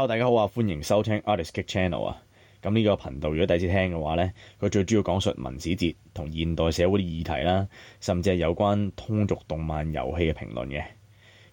好，大家好啊！歡迎收聽 Artist Kick Channel 啊。咁呢個頻道，如果第一次聽嘅話呢，佢最主要講述文史節同現代社會嘅議題啦，甚至係有關通俗動漫遊戲嘅評論嘅。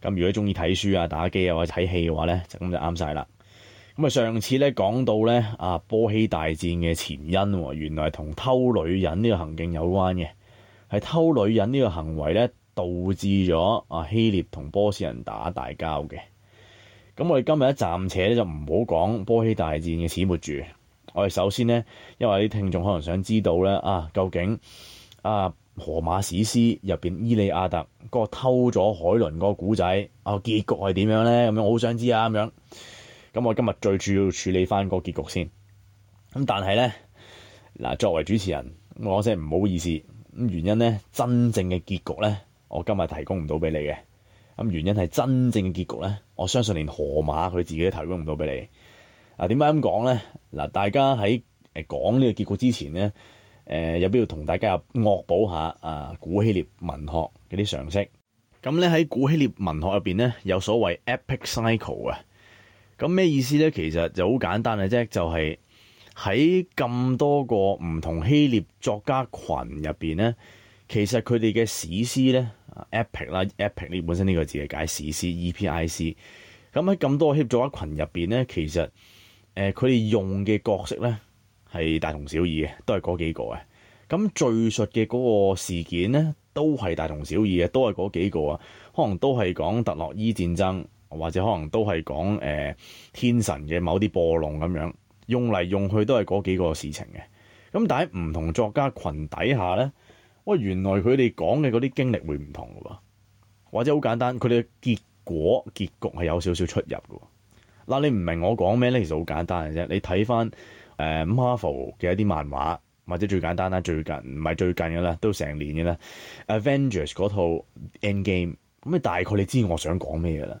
咁如果中意睇書啊、打機啊或者睇戲嘅話呢，就咁就啱晒啦。咁啊，上次呢講到呢啊波希大戰嘅前因，原來係同偷女人呢個行徑有關嘅。係偷女人呢個行為呢，導致咗啊希臘同波斯人打大交嘅。咁我哋今日一暫且咧就唔好講波希大戰嘅始末住，我哋首先呢，因為啲聽眾可能想知道咧啊，究竟啊荷馬史詩入邊伊利亞特嗰個偷咗海倫嗰個故仔啊，結局係點樣咧？咁樣我好想知啊咁樣。咁我今日最主要處理翻個結局先。咁但係咧，嗱作為主持人，我真係唔好意思。咁原因咧，真正嘅結局咧，我今日提供唔到俾你嘅。咁原因係真正嘅結局咧，我相信連河馬佢自己都提供唔到俾你。啊，點解咁講咧？嗱，大家喺誒、呃、講呢個結局之前咧，誒、呃、有必要同大家惡補下啊古希臘文學嗰啲常識。咁咧喺古希臘文學入邊咧，有所謂 epic cycle 啊。咁咩意思咧？其實就好簡單嘅啫，就係喺咁多個唔同希臘作家群入邊咧，其實佢哋嘅史詩咧。epic 啦，epic 呢本身呢個字係解史詩 epic。咁喺咁多協作群入邊咧，其實誒佢哋用嘅角色咧係大同小異嘅，都係嗰幾個嘅。咁敍述嘅嗰個事件咧，都係大同小異嘅，都係嗰幾個啊，可能都係講特洛伊戰爭，或者可能都係講誒天神嘅某啲波浪咁樣，用嚟用去都係嗰幾個事情嘅。咁但係唔同作家群底下咧。哇！原來佢哋講嘅嗰啲經歷會唔同嘅喎，或者好簡單，佢哋嘅結果結局係有少少出入嘅喎。嗱，你唔明我講咩咧？其實好簡單嘅啫，你睇翻誒 Marvel 嘅一啲漫畫，或者最簡單啦，最近唔係最近嘅啦，都成年嘅啦，Avengers 嗰套 Endgame，咁你大概你知我想講咩嘅啦。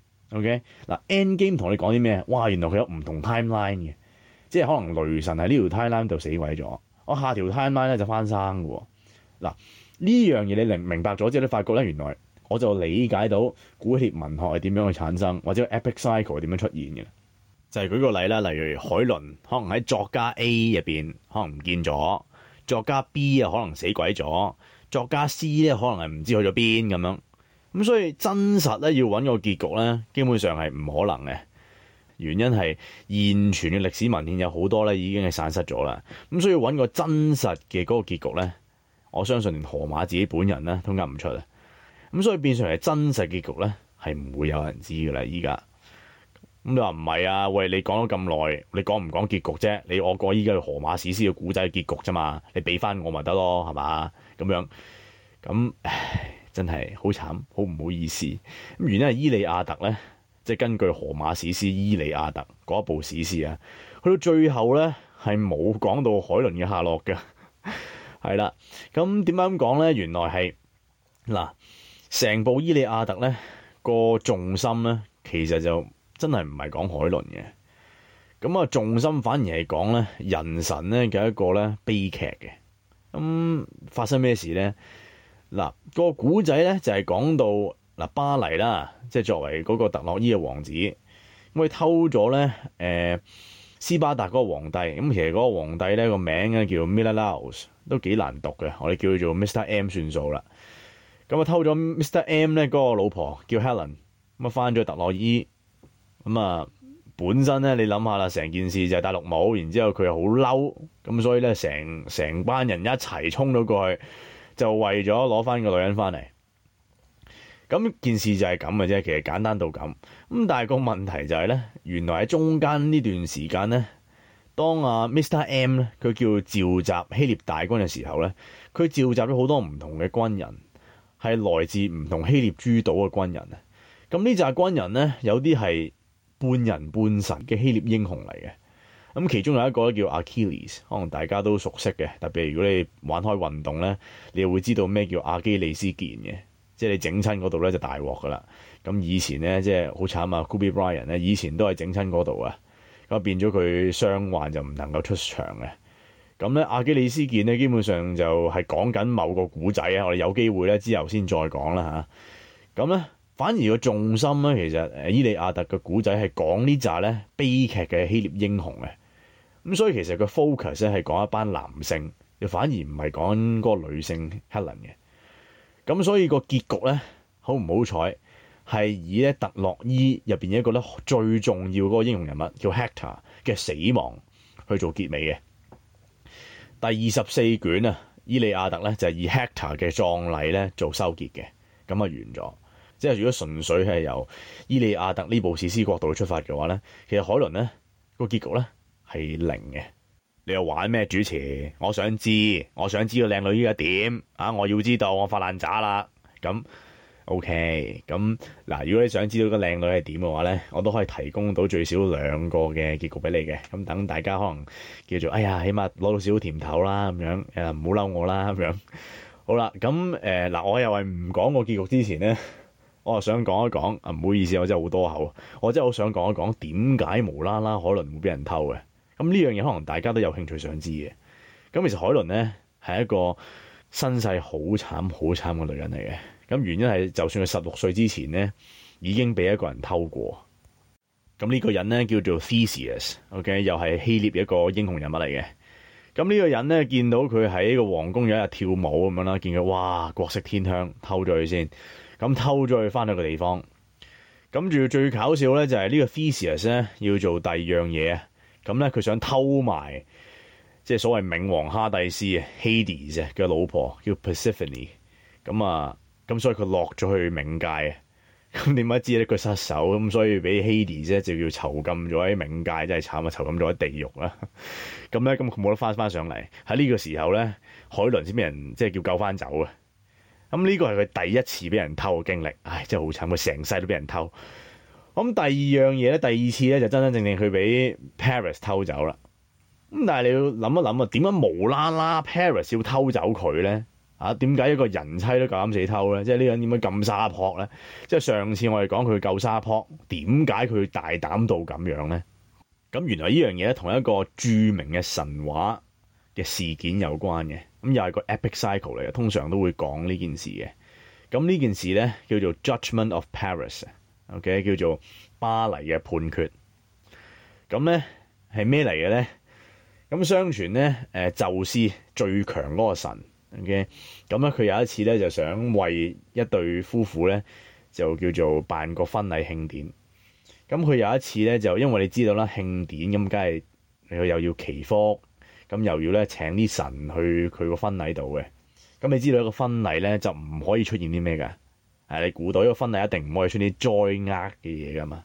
OK 嗱 Endgame 同你講啲咩？哇，原來佢有唔同 timeline 嘅，即係可能雷神喺呢條 timeline 就死鬼咗，我下條 timeline 咧就翻生嘅喎。嗱，呢樣嘢你明明白咗之後，你發覺咧原來我就理解到古鐵文學係點樣去產生，或者 epic cycle 係點樣出現嘅。就係舉個例啦，例如海倫可能喺作家 A 入邊可能唔見咗，作家 B 啊可能死鬼咗，作家 C 咧可能係唔知去咗邊咁樣。咁所以真實咧要揾個結局咧，基本上係唔可能嘅。原因係現存嘅歷史文獻有好多咧已經係散失咗啦。咁所以揾個真實嘅嗰個結局咧，我相信連河馬自己本人咧都揀唔出啊。咁所以變成係真實結局咧係唔會有人知嘅啦。依家咁你話唔係啊？喂，你講咗咁耐，你講唔講結局啫？你我講依家嘅河馬史詩嘅古仔結局啫嘛，你俾翻我咪得咯，係嘛？咁樣咁唉。真係好慘，好唔好意思。原因係《伊利亞特》呢，即係根據荷馬史詩《伊利亞特》嗰一部史詩啊。去到最後呢，係冇講到海倫嘅下落㗎。係 啦，咁點解咁講呢？原來係嗱，成部《伊利亞特》呢個重心呢，其實就真係唔係講海倫嘅。咁啊，重心反而係講呢，人神呢嘅一個呢悲劇嘅。咁發生咩事呢？嗱個古仔咧就係、是、講到嗱，巴黎啦，即係作為嗰個特洛伊嘅王子，咁佢偷咗咧誒斯巴達嗰個皇帝，咁其實嗰個皇帝咧個名咧叫 Menelaus，都幾難讀嘅，我哋叫佢做 Mr M 算數啦。咁啊偷咗 Mr M 咧嗰個老婆叫 Helen，咁啊返咗特洛伊，咁啊本身咧你諗下啦，成件事就係戴綠帽，然之後佢又好嬲，咁所以咧成成班人一齊衝咗過去。就為咗攞翻個女人翻嚟，咁件事就係咁嘅啫，其實簡單到咁。咁但係個問題就係呢：原來喺中間呢段時間呢，當阿 Mr. M 佢叫他召集希臘大軍嘅時候呢，佢召集咗好多唔同嘅軍人，係來自唔同希臘諸島嘅軍人啊。咁呢紮軍人呢，有啲係半人半神嘅希臘英雄嚟嘅。咁其中有一個咧叫阿基里斯，可能大家都熟悉嘅。特別係如果你玩開運動咧，你會知道咩叫阿基里斯腱嘅，即係你整親嗰度咧就大鑊㗎啦。咁以前咧即係好慘啊，Kobe Bryant 咧以前都係整親嗰度啊，咁變咗佢傷患就唔能夠出場嘅。咁咧阿基里斯腱咧基本上就係講緊某個古仔啊。我哋有機會咧之後先再講啦吓，咁咧反而個重心咧其實《伊利亞特》嘅古仔係講呢扎咧悲劇嘅希臘英雄嘅。咁所以其實個 focus 咧係講一班男性，又反而唔係講嗰個女性 Helen 嘅。咁所以個結局咧，好唔好彩係以咧特洛伊入邊一個咧最重要嗰個英雄人物叫 Hector 嘅死亡去做結尾嘅。第二十四卷啊，《伊利亞特》咧就係以 Hector 嘅葬禮咧做收結嘅，咁啊完咗。即係如果純粹係由《伊利亞特》呢部史詩角度出發嘅話咧，其實海倫咧個結局咧。係零嘅，你又玩咩主持？我想知，我想知道靚女依家點啊！我要知道，我發爛渣啦。咁 OK，咁嗱，如果你想知道個靚女係點嘅話咧，我都可以提供到最少兩個嘅結局俾你嘅。咁等大家可能叫做哎呀，起碼攞到少少甜頭啦，咁樣誒，唔好嬲我啦，咁樣好啦。咁誒嗱，我又係唔講個結局之前咧，我又想講一講啊，唔好意思，我真係好多口，我真係好想講一講點解無啦啦可能會俾人偷嘅。咁呢樣嘢可能大家都有興趣想知嘅。咁其實海倫呢，係一個身世好慘好慘嘅女人嚟嘅。咁原因係，就算佢十六歲之前呢，已經俾一個人偷過。咁、這、呢個人呢，叫做 Theseus，OK，、okay？又係希臘一個英雄人物嚟嘅。咁、這、呢個人呢，見到佢喺個皇宮有一日跳舞咁樣啦，見佢哇國色天香，偷咗佢先。咁偷咗佢翻去個地方，咁住最搞笑呢，就係呢個 Theseus 呢要做第二樣嘢。咁咧，佢、嗯、想偷埋即係所謂冥王哈迪斯啊，Hades 嘅老婆叫 Persephone 咁、嗯、啊，咁、嗯、所以佢落咗去冥界啊。咁點解知咧，佢失手，咁、嗯、所以俾 Hades 啫，就叫囚禁咗喺冥界，真係慘啊！囚禁咗喺地獄啦。咁、嗯、咧，咁佢冇得翻翻上嚟。喺呢個時候咧，海倫先俾人即係叫救翻走啊。咁呢個係佢第一次俾人偷嘅經歷，唉、哎，真係好慘，佢成世都俾人偷。咁第二樣嘢咧，第二次咧就真真正正佢俾 Paris 偷走啦。咁但係你要諗一諗啊，點解無啦啦 Paris 要偷走佢咧？啊，點解一個人妻都夠膽死偷咧？即係呢樣點解咁沙迫咧？即係上次我哋講佢夠沙迫，點解佢大膽到咁樣咧？咁原來呢樣嘢咧，同一個著名嘅神話嘅事件有關嘅。咁又係個 epic cycle 嚟嘅，通常都會講呢件事嘅。咁呢件事咧叫做 Judgment of Paris。OK，叫做巴黎嘅判決。咁咧係咩嚟嘅咧？咁相傳咧，誒，宙斯最強嗰個神。OK，咁咧佢有一次咧就想為一對夫婦咧就叫做辦個婚禮慶典。咁佢有一次咧就因為你知道啦，慶典咁梗係佢又要祈福，咁又要咧請啲神去佢個婚禮度嘅。咁你知道一個婚禮咧就唔可以出現啲咩㗎？誒，你估到呢個婚禮一定唔可以出啲災厄嘅嘢㗎嘛？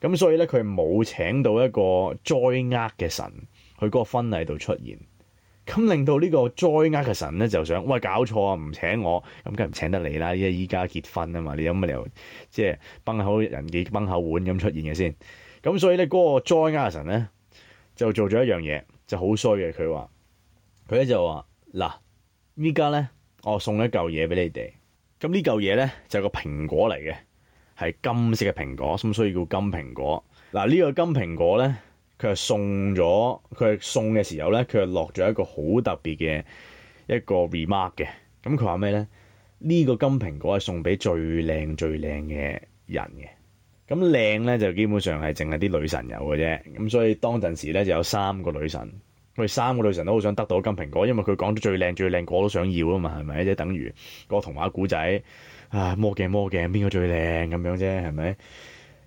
咁所以咧，佢冇請到一個災厄嘅神去嗰個婚禮度出現，咁令到呢個災厄嘅神咧就想：喂，搞錯啊，唔請我，咁梗係唔請得你啦！依家依家結婚啊嘛，你有乜理由即係崩口人忌崩口碗咁出現嘅先？咁所以咧，嗰個災厄嘅神咧就做咗一樣嘢，就好衰嘅。佢話：佢咧就話嗱，依家咧我送一嚿嘢俾你哋。咁呢嚿嘢呢，就係個蘋果嚟嘅，係金色嘅蘋果，咁所以叫金蘋果。嗱，呢個金蘋果呢，佢係送咗，佢係送嘅時候呢，佢係落咗一個好特別嘅一個 remark 嘅。咁佢話咩呢？呢個金蘋果係送俾最靚最靚嘅人嘅。咁靚呢，就基本上係淨係啲女神有嘅啫。咁所以當陣時呢，就有三個女神。佢哋三個女神都好想得到金蘋果，因為佢講得最靚最靚個都想要啊嘛，係咪？即等於個童話故仔啊，魔鏡魔鏡邊個最靚咁樣啫，係咪？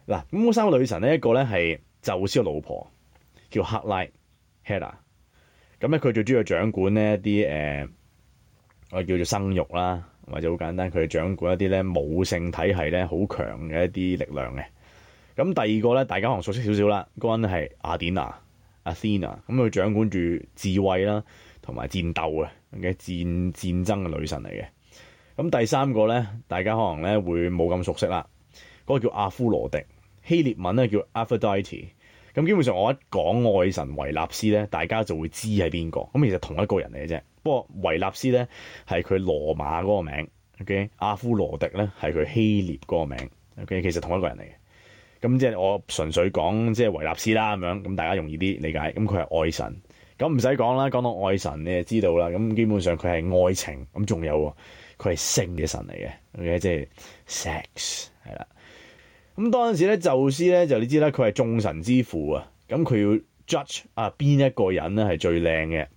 嗱，咁三個女神呢，一個咧係宙斯嘅老婆，叫赫拉 （Hera）。咁咧佢最中意掌管呢一啲誒、呃，我哋叫做生育啦，或者好簡單，佢掌管一啲咧母性體系咧好強嘅一啲力量嘅。咁第二個咧，大家可能熟悉少少啦，嗰個人係雅典娜。Athena，咁佢掌管住智慧啦，同埋戰鬥啊，嘅戰戰爭嘅女神嚟嘅。咁第三個咧，大家可能咧會冇咁熟悉啦。嗰、嗰個叫阿夫羅迪，希臘文咧叫 Aphrodite。咁基本上我一講愛神維納斯咧，大家就會知係邊個。咁其實同一個人嚟嘅啫。不過維納斯咧係佢羅馬嗰個名，OK？阿夫羅迪咧係佢希臘嗰個名，OK？其實同一個人嚟嘅。咁即係我純粹講即係維納斯啦，咁樣咁大家容易啲理解。咁佢係愛神，咁唔使講啦。講到愛神，你就知道啦。咁基本上佢係愛情，咁仲有佢係性嘅神嚟嘅，即係 sex，係啦。咁當時咧，宙斯咧就你知啦，佢係眾神之父啊。咁佢要 judge 啊，邊一個人咧係最靚嘅。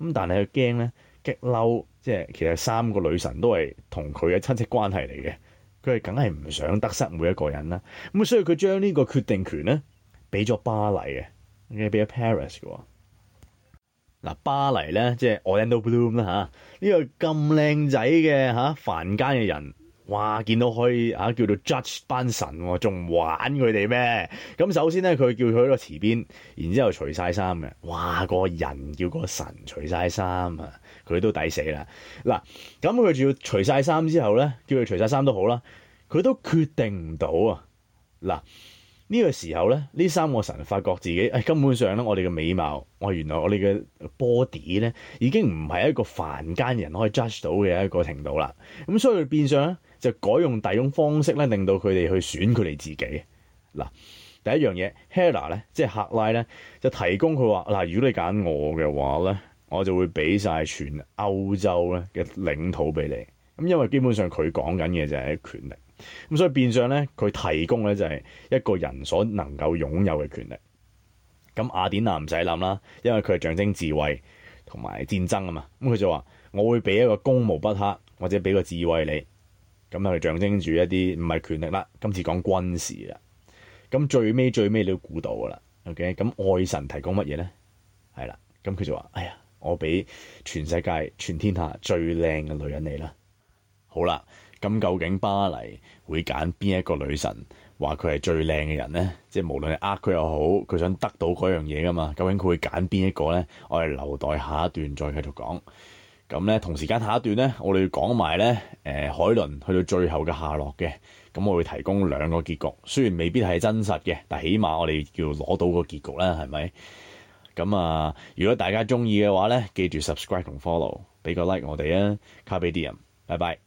咁但係佢驚咧激嬲，即係其實三個女神都係同佢嘅親戚關係嚟嘅。佢係梗係唔想得失每一個人啦，咁所以佢將呢個決定權咧俾咗巴黎嘅，俾咗 Paris 嘅喎。嗱，巴黎咧即係 Orlando Bloom 啦、啊、嚇，呢、這個咁靚仔嘅、嚇凡間嘅人。哇！見到可以嚇、啊、叫做 judge 班神喎、仲玩佢哋咩？咁首先咧，佢叫佢喺個池邊，然之後除晒衫嘅。哇！個人叫個神除晒衫啊，佢都抵死啦。嗱，咁佢仲要除晒衫之後咧，叫佢除晒衫都好啦，佢都決定唔到啊。嗱。呢個時候咧，呢三個神發覺自己，誒、哎、根本上咧，我哋嘅美貌，我原來我哋嘅 body 咧，已經唔係一個凡間人可以 judge 到嘅一個程度啦。咁所以佢變相咧，就改用第二種方式咧，令到佢哋去選佢哋自己。嗱，第一樣嘢，Hera 咧，即係赫拉咧，就提供佢話，嗱，如果你揀我嘅話咧，我就會俾晒全歐洲咧嘅領土俾你。咁因為基本上佢講緊嘅就係一啲權力。咁所以變相咧，佢提供咧就係一個人所能夠擁有嘅權力。咁雅典娜唔使諗啦，因為佢係象徵智慧同埋戰爭啊嘛。咁佢就話我會俾一個攻無不克，或者俾個智慧你。咁係象徵住一啲唔係權力啦，今次講軍事啦。咁最尾最尾你都估到噶啦。O K，咁愛神提供乜嘢咧？係啦，咁佢就話：哎呀，我俾全世界全天下最靚嘅女人你啦。好啦。咁究竟巴黎會揀邊一個女神，話佢係最靚嘅人呢？即係無論係呃佢又好，佢想得到嗰樣嘢噶嘛？究竟佢會揀邊一個呢？我哋留待下一段再繼續講。咁咧，同時間下一段呢，我哋要講埋呢誒海倫去到最後嘅下落嘅。咁我會提供兩個結局，雖然未必係真實嘅，但起碼我哋要攞到個結局啦，係咪？咁啊，如果大家中意嘅話呢，記住 subscribe 同 follow，俾個 like 我哋啊，卡俾啲人，拜拜。